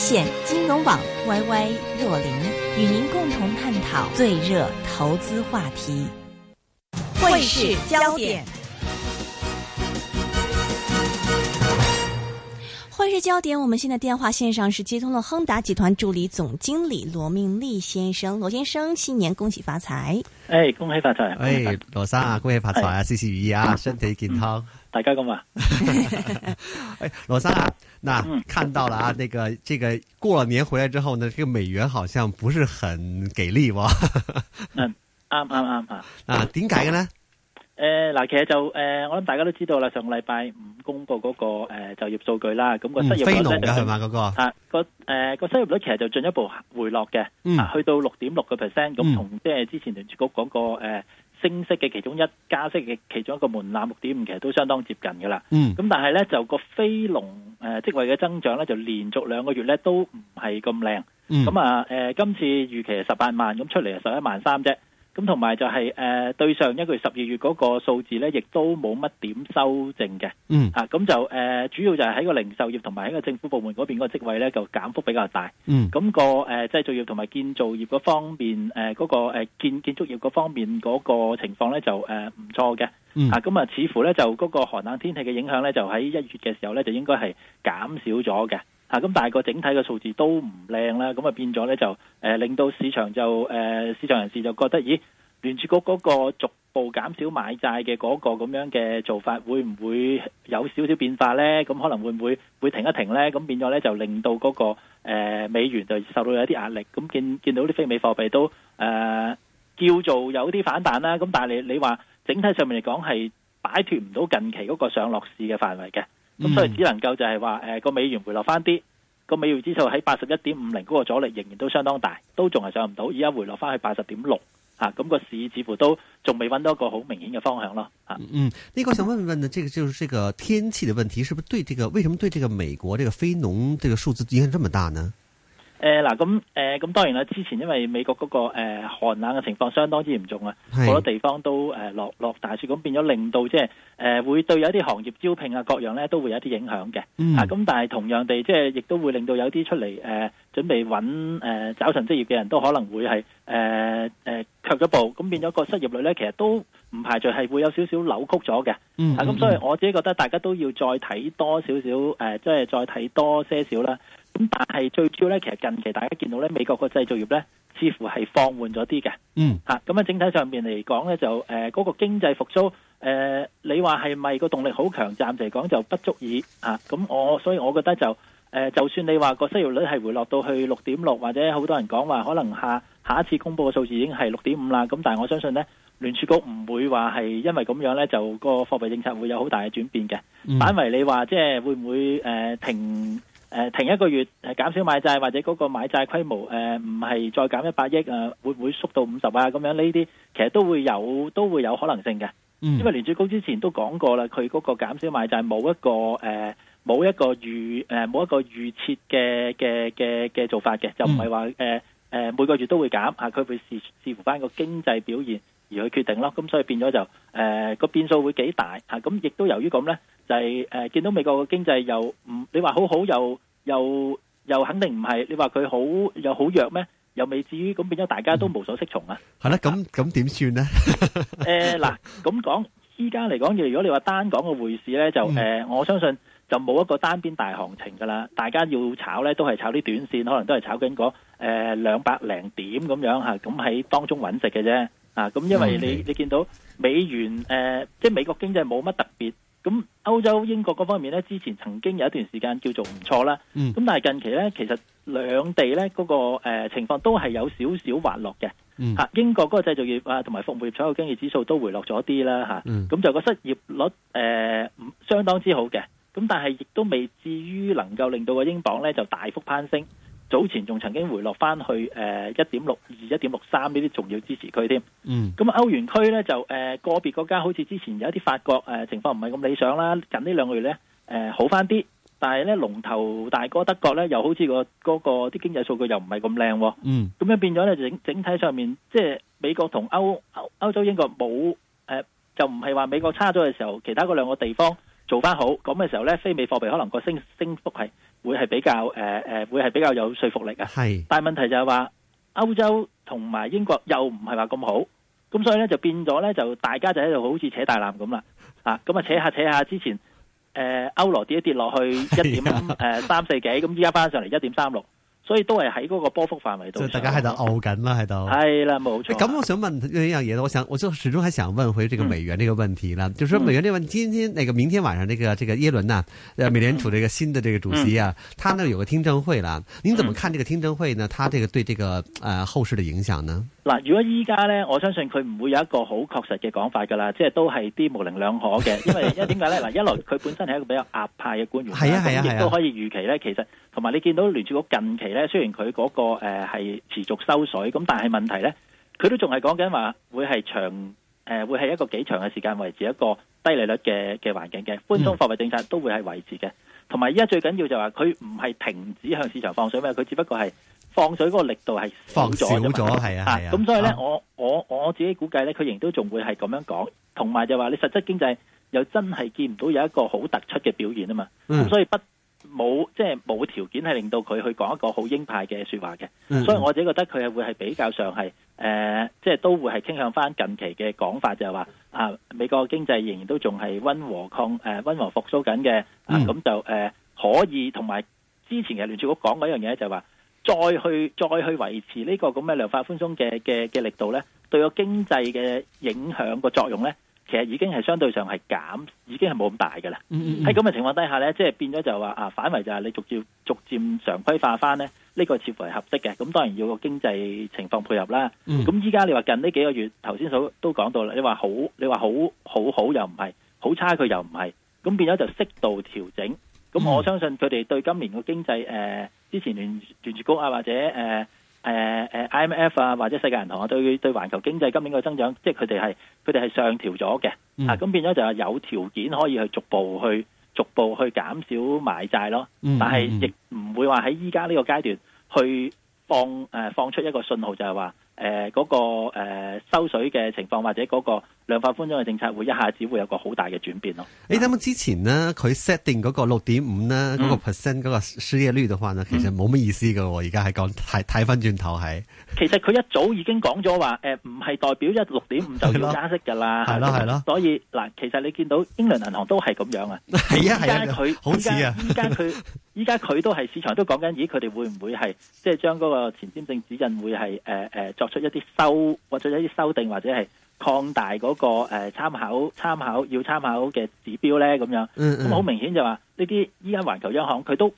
線金融網 Y Y 若琳與您共同探討最熱投資話題，匯市焦點。匯市焦點，我們現在電話線上是接通了亨達集團助理總經理羅明立先生。羅先生，新年恭喜發財！哎，恭喜發財！發財哎，羅生啊，恭喜發財啊！事事如意啊，身體健康！嗯、大家咁話、 哎、啊，哎，羅生啊。嗱、嗯、看到了啊，呢、那個呢、這個過年回來之後呢，這個美元好像不是很給力喎。 嗯，啱啱啱啊！嗱，點解嘅咧？誒，嗱，其實就誒、呃，我諗大家都知道啦，上個禮拜五公布嗰、那個誒、呃、就業數據啦，咁、那個失業率咧、非農、嗯、就係嘛嗰個吓個誒個失業率其實就進一步回落嘅、嗯啊，去到六點六個 percent，咁同即係之前聯儲局嗰個誒。嗯嗯升息嘅其中一加息嘅其中一個門檻，六點五其實都相當接近㗎啦。咁、嗯、但係咧，就個非農誒職、呃、位嘅增長咧，就連續兩個月咧都唔係咁靚。咁啊誒，今次預期係十八萬，咁出嚟係十一萬三啫。咁同埋就係誒對上一個月十二月嗰個數字咧，亦都冇乜點修正嘅。嗯，嚇咁就誒主要就係喺個零售業同埋喺個政府部門嗰邊嗰個職位咧，就減幅比較大。嗯，咁個誒製造業同埋建造業嗰方面誒嗰個誒建建築業嗰方面嗰個情況咧就誒唔錯嘅。嗯，嚇咁啊，似乎咧就嗰個寒冷天氣嘅影響咧，就喺一月嘅時候咧，就應該係減少咗嘅。啊，咁但係個整體嘅數字都唔靚啦，咁啊變咗咧就誒令到市場就誒市場人士就覺得，咦，聯儲局嗰個逐步減少買債嘅嗰個咁樣嘅做法，會唔會有少少變化咧？咁可能會唔會會停一停咧？咁變咗咧就令到嗰個誒美元就受到有一啲壓力，咁見見到啲非美貨幣都誒叫做有啲反彈啦。咁但係你你話整體上面嚟講係擺脫唔到近期嗰個上落市嘅範圍嘅。咁所以只能夠就係話誒個美元回落翻啲，個美元指數喺八十一點五零嗰個阻力仍然都相當大，都仲係上唔到，而家回落翻去八十點六，吓咁個市似乎都仲未揾到一個好明顯嘅方向咯，吓。嗯，呢、嗯，那個想問問呢，這個就是這個天氣的問題，是不是對這個，為什麼對這個美國這個非農這個數字影響這麼大呢？誒，嗱，咁，誒，咁，當然啦，之前因為美國嗰個，誒，寒冷嘅情況相當之嚴重啊，好多地方都，誒，落落大雪，咁變咗令到即係，誒，會對有啲行業招聘啊，各樣咧都會有啲影響嘅，啊，咁但係同樣地，即係亦都會令到有啲出嚟，誒，準備搵，誒，找尋職業嘅人都可能會係，誒，誒，卻咗步，咁變咗個失業率咧，其實都唔排除係會有少少扭曲咗嘅，咁所以我自己覺得大家都要再睇多少少，誒，即係再睇多些少啦。咁但係最主要咧，其實近期大家見到咧，美國個製造業咧，似乎係放緩咗啲嘅。嗯，吓咁啊，整體上邊嚟講咧，就誒嗰個經濟復蘇誒，你話係咪個動力好強？暫時嚟講就不足以吓。咁我所以我覺得就誒，就算你話個失業率係回落到去六點六，或者好多人講話可能下下一次公布嘅數字已經係六點五啦。咁但係我相信咧，聯儲局唔會話係因為咁樣咧，就個貨幣政策會有好大嘅轉變嘅。反為你話即係會唔會誒停？誒、呃，停一個月，誒、呃、減少買債或者嗰個買債規模，誒唔係再減一百億啊，會唔會縮到五十啊？咁樣呢啲其實都會有，都會有可能性嘅。嗯、因為聯儲局之前都講過啦，佢嗰個減少買債冇一個誒冇、呃、一個預誒冇一個預設嘅嘅嘅嘅做法嘅，嗯、就唔係話誒誒每個月都會減啊，佢會視視乎翻個經濟表現，而去決定咯，咁所以變咗就誒個變數會幾大嚇，咁亦都由於咁咧，就係誒見到美國嘅經濟又唔你話好好又又又肯定唔係，你話佢好又好弱咩？又未至於咁變咗，大家都無所適從啊！係啦，咁咁點算咧？誒嗱，咁講依家嚟講，如果你話單講個匯市咧，就誒我相信就冇一個單邊大行情噶啦，大家要炒咧都係炒啲短線，可能都係炒緊嗰誒兩百零點咁樣嚇，咁喺當中搵食嘅啫。啊，咁因為你你見到美元誒、呃，即係美國經濟冇乜特別，咁歐洲英國嗰方面咧，之前曾經有一段時間叫做唔錯啦，咁、嗯、但係近期咧，其實兩地咧嗰、個、呃、情況都係有少少滑落嘅，嚇、嗯、英國嗰個製造業啊同埋服務業所有經濟指數都回落咗啲啦，嚇、啊，咁、嗯、就個失業率誒、呃、相當之好嘅，咁但係亦都未至於能夠令到個英鎊咧就大幅攀升。早前仲曾經回落翻去誒一點六二、一點六三呢啲重要支持區添。嗯，咁歐元區咧就誒、呃、個別國家好似之前有一啲法國誒、呃、情況唔係咁理想啦。近呢兩個月咧誒好翻啲，但係咧龍頭大哥德國咧又好似、嗰個嗰、嗰個啲經濟數據又唔係咁靚喎。嗯，咁樣變咗咧整整體上面即係美國同歐歐、歐洲英國冇誒、呃，就唔係話美國差咗嘅時候，其他嗰兩個地方。做翻好咁嘅時候咧，非美貨幣可能個升升幅係會係比較誒誒，會係比較有說服力啊。係，但係問題就係話歐洲同埋英國又唔係話咁好，咁所以咧就變咗咧就大家就喺度好似扯大纜咁啦，啊咁啊扯下扯下，之前誒歐羅跌一跌落去一點誒三四幾，咁依家翻上嚟一點三六。所以都係喺嗰個波幅範圍度，即大家喺度拗緊啦，喺度。係啦，冇錯。咁我想問一樣嘢，我想我就始終係想問回這個美元呢個問題啦。嗯、就說美元呢個問題，今天、那個明天晚上，這、那個這個耶倫呢、啊，美聯儲這個新的這個主席啊，他、嗯、呢有個聽證會啦。您怎麼看這個聽證會呢？他這個對這個呃後市的影響呢？嗱，如果依家呢，我相信佢唔會有一個好確實嘅講法㗎啦，即係都係啲模棱兩可嘅，因為因為點解呢？嗱， 一來佢本身係一個比較壓派嘅官員，係 啊，係、嗯、啊，亦、嗯、都、嗯、可以預期呢，其實，同埋你見到聯儲局近期咧。雖然佢嗰、那個誒係、呃、持續收水，咁但係問題咧，佢都仲係講緊話會係長誒、呃，會係一個幾長嘅時間維持一個低利率嘅嘅環境嘅，寬鬆貨幣政策都會係維持嘅。同埋依家最緊要就話佢唔係停止向市場放水咩？佢只不過係放水嗰個力度係少咗咗，係嘛啊，咁、啊啊、所以咧，我我我自己估計咧，佢仍都仲會係咁樣講，同埋就話你實質經濟又真係見唔到有一個好突出嘅表現啊嘛，嗯、所以不。冇即係冇條件係令到佢去講一個好鷹派嘅説話嘅，mm hmm. 所以我自己覺得佢係會係比較上係誒、呃，即係都會係傾向翻近期嘅講法，就係、是、話啊，美國經濟仍然都仲係溫和擴誒溫和復甦緊嘅。咁、啊 mm hmm. 啊、就誒、呃、可以同埋之前嘅聯儲局講嗰樣嘢，就係話再去再去維持呢個咁嘅量化寬鬆嘅嘅嘅力度咧，對個經濟嘅影響個作用咧。其實已經係相對上係減，已經係冇咁大嘅啦。喺咁嘅情況底下咧，即係變咗就話啊，反為就係你逐漸逐漸常規化翻咧，呢個似乎係合適嘅。咁當然要個經濟情況配合啦。咁依家你話近呢幾個月頭先所都講到啦，你話好，你話好好好又唔係，好差佢又唔係，咁變咗就適度調整。咁我相信佢哋對今年個經濟誒，之前連連住谷啊或者誒。誒誒、uh, IMF 啊，或者世界銀行啊，對對環球經濟今年嘅增長，即係佢哋係佢哋係上調咗嘅，嗯、啊咁變咗就係有條件可以去逐步去逐步去減少買債咯，但係亦唔會話喺依家呢個階段去放誒、呃、放出一個信號就，就係話誒嗰個、呃、收水嘅情況或者嗰、嗰個，量化寬鬆嘅政策會一下子會有個好大嘅轉變咯。你諗、嗯、之前呢，佢 set 定嗰個六點五呢，嗰、嗯嗰個 percent 嗰個失業率嘅話呢，其實冇乜意思嘅喎。而家係講睇睇翻轉頭係，其實佢一早已經講咗話，誒唔係代表一六點五就要加息嘅啦。係咯係咯。的的所以嗱的，其實你見到英倫銀行都係咁樣啊。係啊係啊。依家佢好似啊。依家佢依家佢都係市場都講緊，咦？佢哋會唔會係即係將嗰個前瞻性指引會係誒誒作出一啲修或者一啲修訂或者係？擴大嗰、那個誒、呃、參考參考要參考嘅指標咧，咁樣咁好、嗯嗯、明顯就話呢啲依家環球央行佢都唔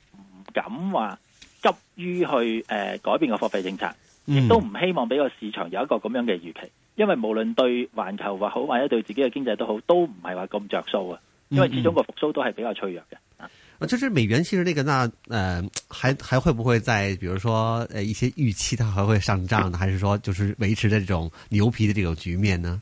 敢話急於去誒、呃、改變個貨幣政策，亦都唔希望俾個市場有一個咁樣嘅預期，因為無論對環球或好或者對自己嘅經濟都好，都唔係話咁着數啊，因為始終個復蘇都係比較脆弱嘅。啊啊、就是美元，其實那個，那，嗯，還還會不會再，比如說，誒、呃，一些預期，它還會上漲呢？還是說，就是維持着這種牛皮的這種局面呢？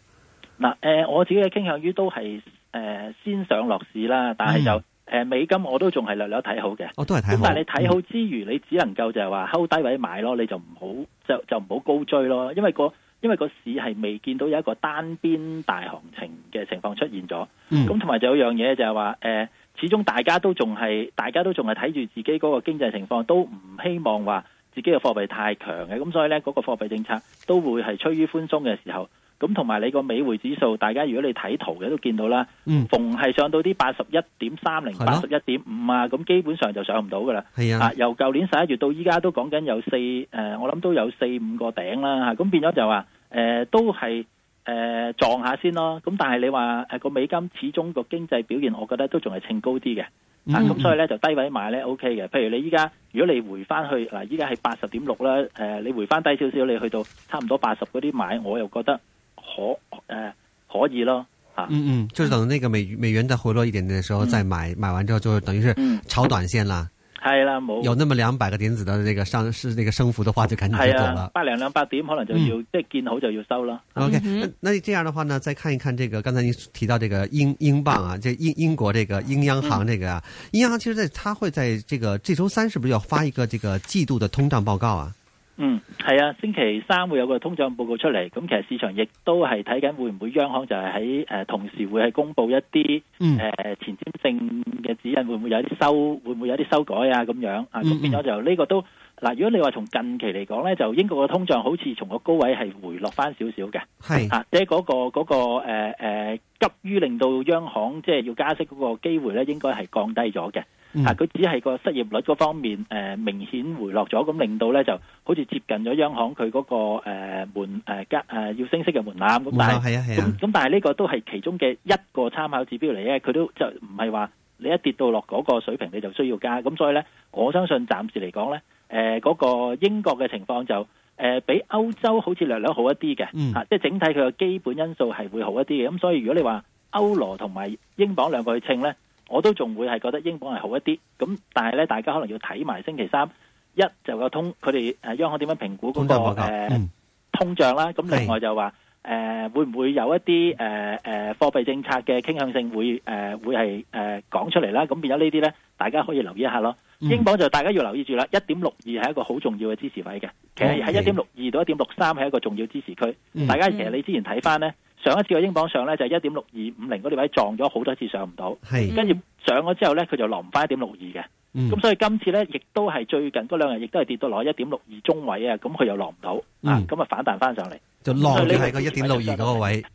嗱，誒，我自己嘅傾向於都係，誒、呃，先上落市啦，但係就，誒、呃，美金我都仲係略略睇好嘅。我都係睇好。但係你睇好之餘，你只能夠就係話睺低位買咯，你就唔好就就唔好高追咯，因為個因為個市係未見到有一個單邊大行情嘅情況出現咗。咁同埋就有樣嘢就係話，誒、嗯。始終大家都仲係，大家都仲係睇住自己嗰個經濟情況，都唔希望話自己嘅貨幣太強嘅，咁所以呢嗰個貨幣政策都會係趨於寬鬆嘅時候。咁同埋你個美匯指數，大家如果你睇圖嘅都見到啦，逢係上到啲八十一點三零、八十一點五啊，咁基本上就上唔到噶啦。係啊，由舊年十一月到依家都講緊有四，誒，我諗都有四五個頂啦。吓，咁變咗就話，誒，都係。誒、呃，撞下先咯，咁但係你話誒個美金始終個經濟表現，我覺得都仲係稱高啲嘅，咁、嗯嗯啊、所以咧就低位買咧 OK 嘅。譬如你依家，如果你回翻去嗱，依家係八十點六啦，誒、呃，你回翻低少少，你去到差唔多八十嗰啲買，我又覺得可誒、呃、可以咯，啊。嗯嗯，就是、等那個美美元再回落一點嘅時候再買，嗯嗯買完之後就等於是炒短線啦。係啦，冇有，有那麼兩百個點子的那個上市，那個升幅的話，就趕緊就走了。八零、啊、兩百點可能就要即係、嗯、見好就要收啦。OK，那那這樣的話呢，再看一看這個剛才你提到這個英英鎊啊，這英英國這個英央行這個啊，嗯、英央行其實在它會在這個這周三是不是要發一個這個季度的通脹報告啊？嗯，係啊，星期三會有個通脹報告出嚟，咁其實市場亦都係睇緊會唔會央行就係喺誒同時會係公布一啲嗯誒前瞻性嘅指引，會唔會有啲修，會唔會有啲修改啊咁樣啊，咁變咗就呢個都嗱，如果你話從近期嚟講咧，就英國嘅通脹好似從個高位係回落翻少少嘅，係啊，即係嗰個嗰個誒誒急於令到央行即係要加息嗰個機會咧，應該係降低咗嘅。啊！佢只係個失業率嗰方面，誒明顯回落咗，咁令到咧就好似接近咗央行佢嗰個誒門誒加誒要升息嘅門檻。咁但係咁咁，但係呢個都係其中嘅一個參考指標嚟咧。佢都就唔係話你一跌到落嗰個水平，你就需要加。咁所以咧，我相信暫時嚟講咧，誒嗰個英國嘅情況就誒比歐洲好似略略好一啲嘅。吓，即係整體佢嘅基本因素係會好一啲嘅。咁所以如果你話歐羅同埋英鎊兩個去稱咧。我都仲會係覺得英鎊係好一啲，咁但係咧，大家可能要睇埋星期三一就有通，佢哋誒央行點樣評估嗰、嗰個誒通、呃、通脹啦，咁、嗯、另外就話誒是的、呃、會唔會有一啲誒誒貨幣政策嘅傾向性會誒、呃、會係誒、呃、講出嚟啦，咁變咗呢啲咧。大家可以留意一下咯，英鎊就大家要留意住啦，一點六二係一個好重要嘅支持位嘅，其實喺一點六二到一點六三係一個重要支持區。嗯、大家其實你之前睇翻咧，嗯、上一次個英鎊上咧就一點六二五零嗰啲位撞咗好多次上唔到，跟住、嗯、上咗之後咧佢就落唔翻一點六二嘅，咁、嗯、所以今次咧亦都係最近嗰兩日亦都係跌到落一點六二中位、嗯、啊，咁佢又落唔到啊，咁啊反彈翻上嚟就落喺個一點六二嗰個位。嗯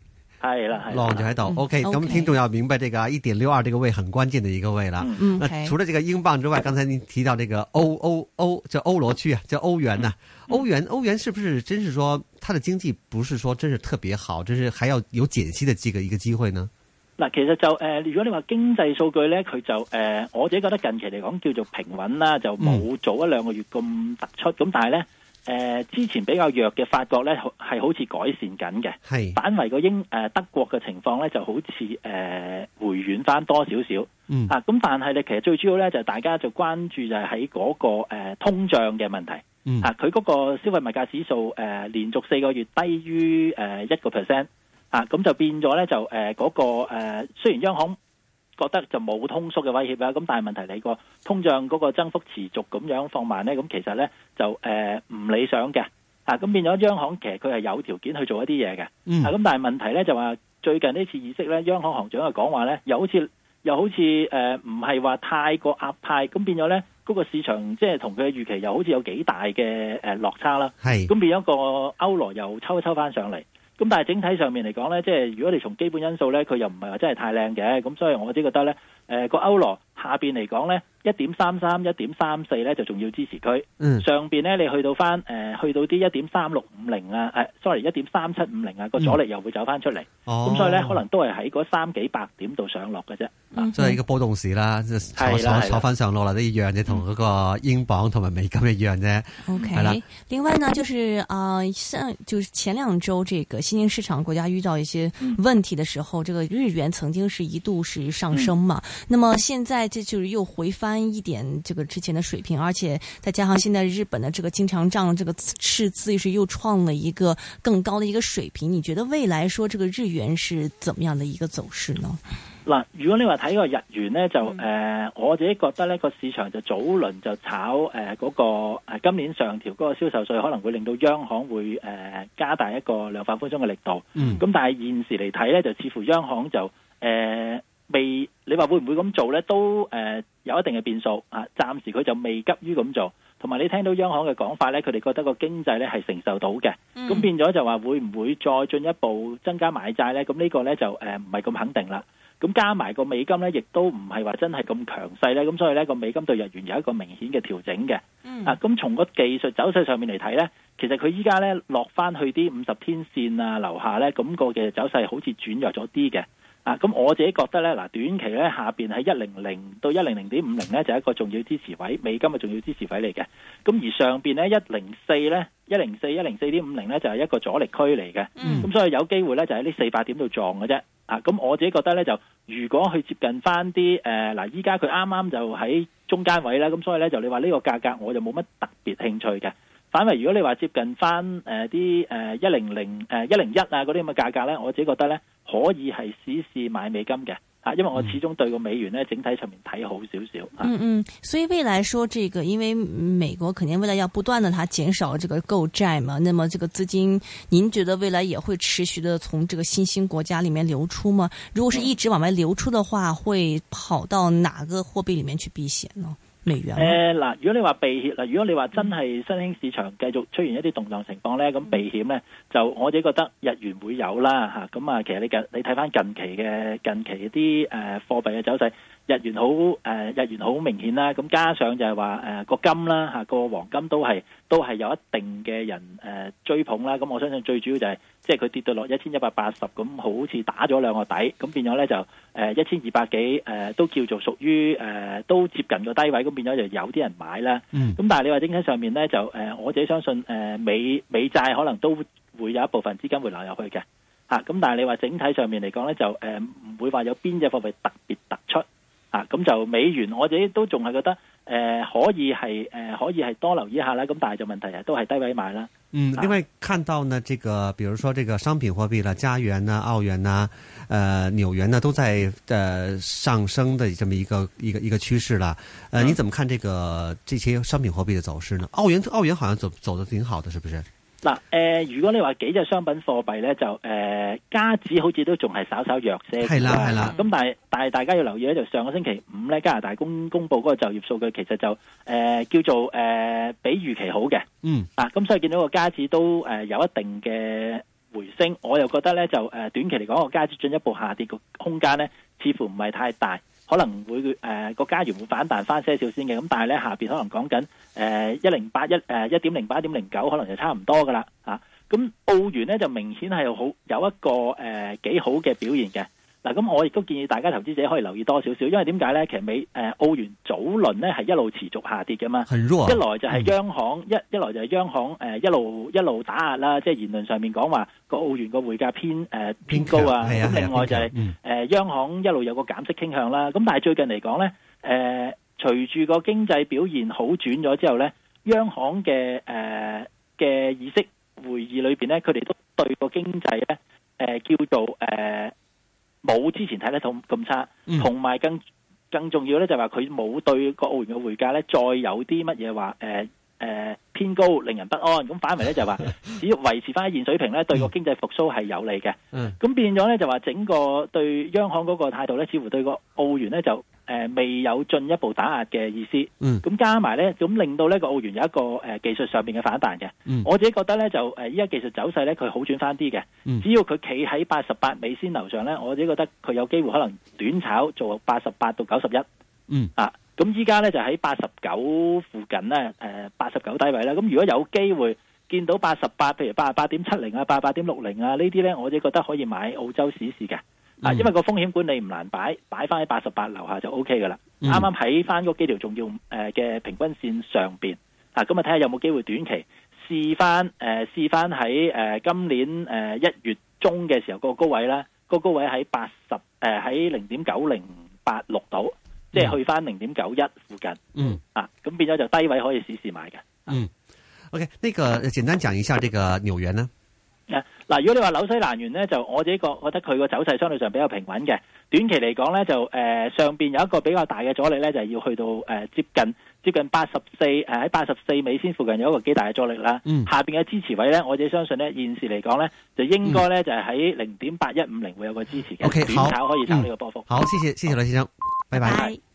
係啦，係。落住喺度，OK。咁，聽眾要明白呢個一點六二呢個位很關鍵嘅一個位啦、嗯。嗯嗯。Okay. 那除了呢個英鎊之外，剛才您提到呢個歐歐歐，就歐羅區啊，叫歐元啊。歐元，歐元是不是真是說它的經濟不是說真是特別好，真是還要有減息的這個一個機會呢？嗱，其實就誒、呃，如果你話經濟數據咧，佢就誒、呃，我自己覺得近期嚟講叫做平穩啦，就冇早一兩、嗯、個月咁突出。咁但係咧。誒之前比較弱嘅法國咧，係好似改善緊嘅。係反為個英誒德國嘅情況咧，就好似誒回軟翻多少少。嗯啊，咁但係咧，其實最主要咧，就係大家就關注就係喺嗰個誒通脹嘅問題。嗯啊，佢嗰個消費物價指數誒連續四個月低於誒一個 percent。啊，咁就變咗咧就誒嗰個誒雖然央行。覺得就冇通縮嘅威脅啦，咁但係問題你個通脹嗰個增幅持續咁樣放慢咧，咁其實咧就誒唔理想嘅，啊咁變咗央行其實佢係有條件去做一啲嘢嘅，啊咁、嗯、但係問題咧就話最近呢次議息咧，央行行長又講話咧，又好似又好似誒唔係話太過壓派，咁變咗咧嗰個市場即係同佢嘅預期又好似有幾大嘅誒落差啦，係咁是變咗個歐羅又抽一抽翻上嚟。咁但係整體上面嚟講咧，即係如果你從基本因素咧，佢又唔係話真係太靚嘅，咁所以我只覺得咧。誒，個歐羅下邊嚟講咧，一點三三、一點三四咧就仲要支持佢。嗯，上邊咧你去到翻，誒，去到啲一點三六五零啊，誒，sorry，一點三七五零啊，個阻力又會走翻出嚟。哦，咁所以咧可能都係喺嗰三幾百點度上落嘅啫。啊，即係個波動市啦，坐坐坐翻上落啦，都一樣，你同嗰個英鎊同埋美金一樣啫。O K，係啦。另外呢，就是啊，上就前兩周這個新興市場國家遇到一些問題嘅時候，這個日元曾經是一度是上升嘛。那麼現在這就是又回翻一點這個之前的水平，而且再加上現在日本的這個經常賬這個赤字又是又創了一個更高的一個水平，你覺得未來說這個日元是怎麼樣的一個走勢呢？嗱，如果你話睇個日元呢，就誒、呃，我自己覺得呢、這個市場就早輪就炒誒嗰、呃那個今年上調嗰個銷售稅可能會令到央行會誒、呃、加大一個量化寬鬆嘅力度，嗯，咁但係現時嚟睇呢，就似乎央行就誒。呃未，你話會唔會咁做呢？都誒、呃、有一定嘅變數啊！暫時佢就未急於咁做，同埋你聽到央行嘅講法呢，佢哋覺得個經濟呢係承受到嘅。咁、嗯、變咗就話會唔會再進一步增加買債呢？咁呢個呢，就誒唔係咁肯定啦。咁加埋個美金呢，亦都唔係話真係咁強勢呢。咁所以呢，個美金對日元有一個明顯嘅調整嘅。嗯、啊，咁從個技術走勢上面嚟睇呢，其實佢依家呢，落翻去啲五十天線啊樓下呢，咁、個嘅走勢好似轉弱咗啲嘅。啊，咁我自己覺得咧，嗱短期咧，下邊喺一零零到一零零點五零咧就係一個重要支持位，美金嘅重要支持位嚟嘅。咁而上邊咧一零四咧，一零四一零四點五零咧就係一個阻力區嚟嘅。咁、嗯、所以有機會咧就喺呢四百點度撞嘅啫。啊，咁我自己覺得咧就如果去接近翻啲誒，嗱依家佢啱啱就喺中間位啦，咁所以咧就你話呢個價格我就冇乜特別興趣嘅。反而如果你話接近返誒啲誒一零零誒一零一啊嗰啲咁嘅價格咧，我自己覺得咧可以係試試買美金嘅嚇，因為我始終對個美元咧整體上面睇好少少。啊、嗯嗯，所以未來，說這個因為美國肯定未來要不斷地，他減少這個購債嘛，那麼這個資金，您覺得未來也會持續地從這個新興國家裏面流出嗎？如果是一直往外流出的話，會跑到哪個貨幣裏面去避險呢？誒嗱、呃，如果你話避險嗱，如果你話真係新興市場繼續出現一啲動盪情況咧，咁避險咧就我自己覺得日元會有啦嚇。咁啊，其實你近你睇翻近期嘅近期一啲誒貨幣嘅走勢。日元好誒、呃，日元好明顯啦。咁加上就係話誒個金啦嚇，個、啊、黃金都係都係有一定嘅人誒、呃、追捧啦。咁、啊、我相信最主要就係、是、即係佢跌到落一千一百八十咁，好似打咗兩個底，咁變咗咧就誒一千二百幾誒都叫做屬於誒、呃、都接近個低位，咁變咗就有啲人買啦。咁、嗯、但係你話整體上面咧就誒、呃、我自己相信誒、呃、美美債可能都會有一部分資金會流入去嘅嚇。咁、啊、但係你話整體上面嚟講咧就誒唔會話有邊隻貨幣特別突出。啊，咁就美元，我哋都仲係覺得誒、呃，可以係誒、呃，可以係多留意下啦。咁但係就問題係都係低位買啦。嗯，另外看到呢，這個，比如說這個商品貨幣啦，加元呢、澳元呢、啊、誒、呃、紐元呢、啊，都在誒、呃、上升的這麼一個一個一個趨勢啦。誒、呃，你怎麼看這個這些商品貨幣的走勢呢？澳元澳元好像走走得挺好的，是不是？嗱，誒、呃，如果你話幾隻商品貨幣咧，就誒，加、呃、紙好似都仲係稍稍弱些，係啦係啦。咁 但係，但係大家要留意咧，就上個星期五咧，加拿大公公佈嗰個就業數據，其實就誒、呃、叫做誒、呃、比預期好嘅，嗯，啊， 咁、呃、所以見到個加紙都誒有一定嘅回升，我又覺得咧就誒短期嚟講，個加紙進一步下跌個空間咧，似乎唔係太大。可能會誒、呃、個加元會反彈翻些少先嘅，咁但係咧下邊可能講緊誒一零八一誒一點零八一點零九，呃 108, 1, 呃、1. 08, 1. 09可能就差唔多噶啦嚇。咁、啊、澳元咧就明顯係好有一個誒幾、呃、好嘅表現嘅。嗱，咁、 嗯、我亦都建議大家投資者可以留意多少少，因為點解咧？其實美誒、呃、澳元早輪咧係一路持續下跌嘅嘛，一來就係央行一，一來就係央行誒一,一、呃、一路一路打壓啦，即、就、係、是、言論上面講話個澳元個匯價偏誒、呃、偏高啊。咁、嗯啊、另外就係、是、誒、嗯、央行一路有一個減息傾向啦。咁但係最近嚟講咧，誒、呃、隨住個經濟表現好轉咗之後咧，央行嘅誒嘅議息會議裏邊咧，佢哋都對個經濟咧誒叫做誒。呃冇之前睇得咁咁差，同埋更更重要咧，就話佢冇對個澳元嘅匯價咧再有啲乜嘢話誒誒偏高令人不安，咁反為咧就話只要維持翻一現水平咧， 對個經濟復蘇係有利嘅，咁 變咗咧就話整個對央行嗰個態度咧，似乎對個澳元咧就。誒、呃，未有進一步打壓嘅意思。嗯，咁加埋咧，咁令到呢個澳元有一個誒、呃、技術上面嘅反彈嘅。嗯，我自己覺得咧就誒依家技術走勢咧佢好轉翻啲嘅。嗯，只要佢企喺八十八美仙樓上咧，我自己覺得佢有機會可能短炒做八十八到九十一。嗯，啊，咁依家咧就喺八十九附近咧，誒八十九低位啦。咁如果有機會見到八十八，譬如八十八點七零啊，八十八點六零啊，呢啲咧我自己覺得可以買澳洲股市嘅。因為個風險管理唔難擺，擺翻喺八十八樓下就 O K 噶啦。啱啱喺翻屋幾條重要誒嘅平均線上邊，啊咁啊睇下有冇機會短期試翻誒試翻喺誒今年誒一月中嘅時候個高位咧，個高位喺八十誒喺零點九零八六度，即係去翻零點九一附近。嗯，啊咁變咗就低位可以試試買嘅。嗯，OK，呢個簡單講一下呢個紐元呢。嗱嗱，如果你話紐西蘭元咧，就我自己覺覺得佢個走勢相對上比較平穩嘅，短期嚟講咧就誒、呃、上邊有一個比較大嘅阻力咧，就係要去到誒、呃、接近接近八十四誒喺八十四尾先附近有一個幾大嘅阻力啦。嗯、下邊嘅支持位咧，我自己相信咧現時嚟講咧就應該咧、嗯、就係喺零點八一五零會有個支持嘅，OK，好短炒可以炒呢個波幅、嗯。好，謝謝，謝謝羅先生，好拜拜。拜拜